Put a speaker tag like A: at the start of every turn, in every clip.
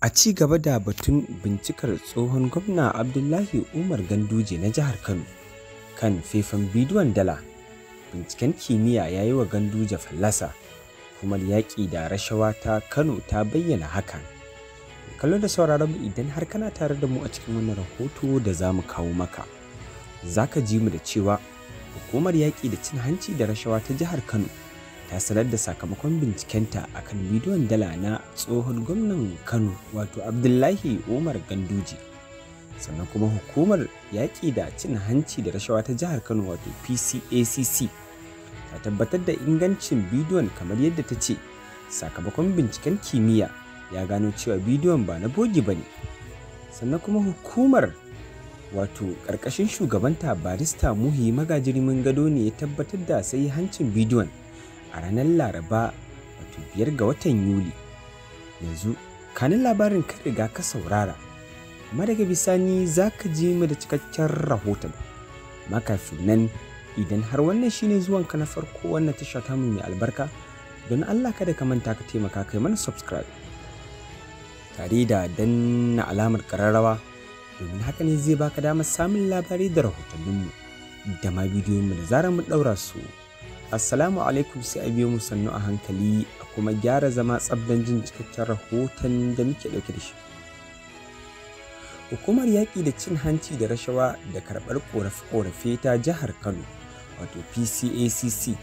A: a ci gaba da batun bincikar tsohon gwamna abdullahi umar ganduje na jihar kano kan fefan bidiyon dala binciken kimiyya ya yi wa ganduje fallasa kuma yaƙi da rashawa ta kano ta bayyana hakan kallo da sauraron mu idan har kana tare da mu a cikin wannan rahoto da za mu kawo maka za ka ji mu da cewa hukumar yaƙi da cin hanci da rashawa ta jihar kano ta sanar da sakamakon bincikenta a kan bidiyon dala na tsohon gwamnan kano wato abdullahi umar ganduji sannan kuma hukumar yaƙi da cin hanci da rashawa ta jihar kano wato pcacc ta tabbatar da ingancin bidiyon kamar yadda ta ce sakamakon binciken kimiyya ya gano cewa bidiyon ba na bogi ba ne sannan kuma hukumar wato ƙarƙashin shugabanta barista muhi magajirimin gado ne ya tabbatar da sai hancin bidiyon a ranar laraba wato biyar ga watan yuli yanzu kanin labarin ka riga ka saurara amma daga bisani za ka ji mu da cikakken rahoton makafin nan idan har wannan shine zuwanka na farko wannan tasha ta mai albarka don allah kada ka manta ka taimaka kai mana subscribe tare da danna alamar kararrawa domin haka ne zai baka damar samun labarai da rahotanninmu da ma mu da zarar mu ɗaura su Assalamu alaikum sai a biyo mu sannu a hankali a kuma gyara zama tsabdan jin cikakken rahoton da muke ɗauke da shi. Hukumar yaƙi da cin hanci da rashawa da karɓar ƙorafe-ƙorafe ta jihar Kano wato PCACC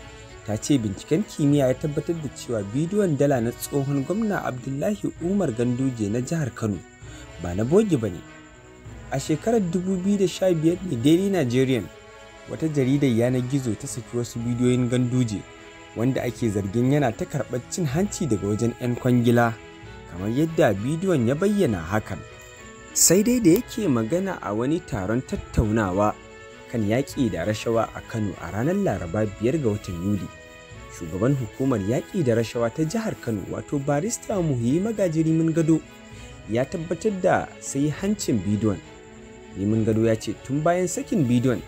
A: ta ce binciken kimiyya ya tabbatar da cewa bidiyon dala na tsohon gwamna Abdullahi Umar Ganduje na jihar Kano ba na bogi ba ne. A shekarar 2015 ne Daily Nigerian wata jaridar yanar gizo ta saki wasu bidiyoyin ganduje wanda ake zargin yana ta karɓar cin hanci daga wajen 'yan kwangila kamar yadda bidiyon ya bayyana hakan sai dai da yake magana a wani taron tattaunawa kan yaƙi da rashawa a kano a ranar laraba biyar ga watan yuli shugaban hukumar yaƙi da rashawa ta jihar kano wato barista muhi magajiri mun gado ya tabbatar da sai hancin bidiyon rimin gado ya ce tun bayan sakin bidiyon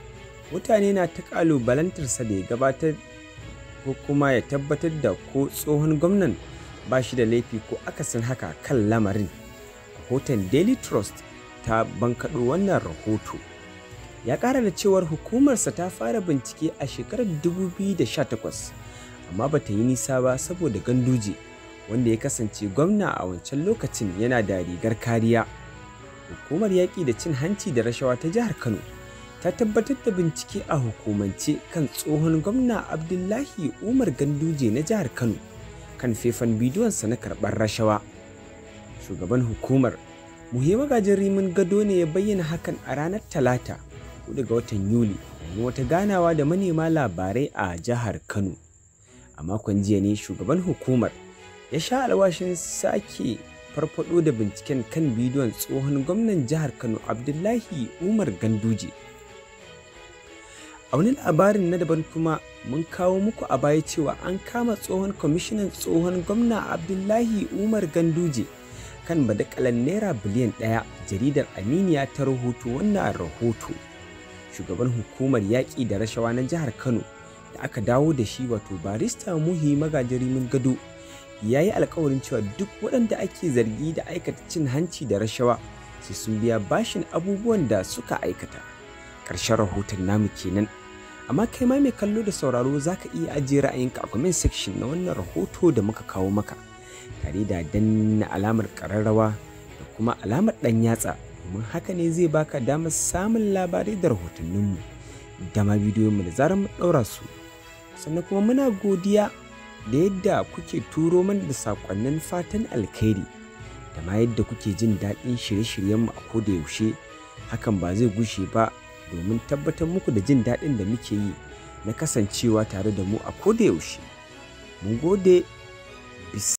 A: mutane na ta ƙalubalantarsa da ya gabatar ko kuma ya tabbatar da ko tsohon gwamnan ba shi da laifi ko akasin haka kan lamarin rahoton daily trust ta bankaɗo wannan rahoto ya ƙara da cewar hukumarsa ta fara bincike a shekarar 2018 amma ba ta yi nisa ba saboda ganduje wanda ya kasance gwamna a wancan lokacin yana da rigar kariya hukumar yaƙi da cin hanci da rashawa ta jihar kano ta tabbatar da bincike a hukumance kan tsohon gwamna abdullahi umar ganduje na jihar kano kan faifan bidiyonsa na karɓar rashawa shugaban hukumar muhimma gajin rimin gado ne ya bayyana hakan a ranar talata 4 ga watan yuli wata ganawa da manema labarai a jihar kano a makon jiya ne shugaban hukumar ya sha alwashin sake farfado da binciken kan bidiyon tsohon gwamnan jihar kano abdullahi umar ganduje a wani labarin na daban kuma mun kawo muku a baya cewa an kama tsohon kwamishinan tsohon gwamna abdullahi umar ganduje kan badakalan naira biliyan ɗaya jaridar aminiya ta rahoto wannan rahoto shugaban hukumar yaƙi da rashawa na jihar kano da aka dawo da shi wato barista muhi mun gado ya yi alkawarin cewa duk waɗanda ake zargi da aikata cin hanci da rashawa sai sun biya bashin abubuwan da suka aikata ƙarshen rahoton namu kenan amma kai ma mai kallo da sauraro za ka iya ajiye ra'ayinka a comment section na wannan rahoto da muka kawo maka tare da danna alamar ƙararrawa da kuma alamar ɗan yatsa domin haka ne zai baka damar samun labarai da rahotanninmu da ma bidiyonmu da zarar mu ɗaura su sannan kuma muna godiya da yadda kuke turo mana da saƙonnin fatan alkhairi da ma yadda kuke jin daɗin shirye-shiryenmu a koda yaushe hakan ba zai gushe ba domin tabbatar muku da jin daɗin da muke yi na kasancewa tare da mu a yaushe Mun gode, bis